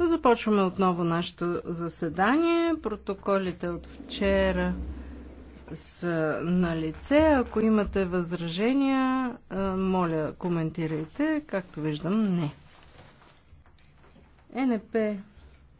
Започваме отново нашето заседание. Протоколите от вчера са на лице. Ако имате възражения, моля коментирайте. Както виждам, не. Е, НП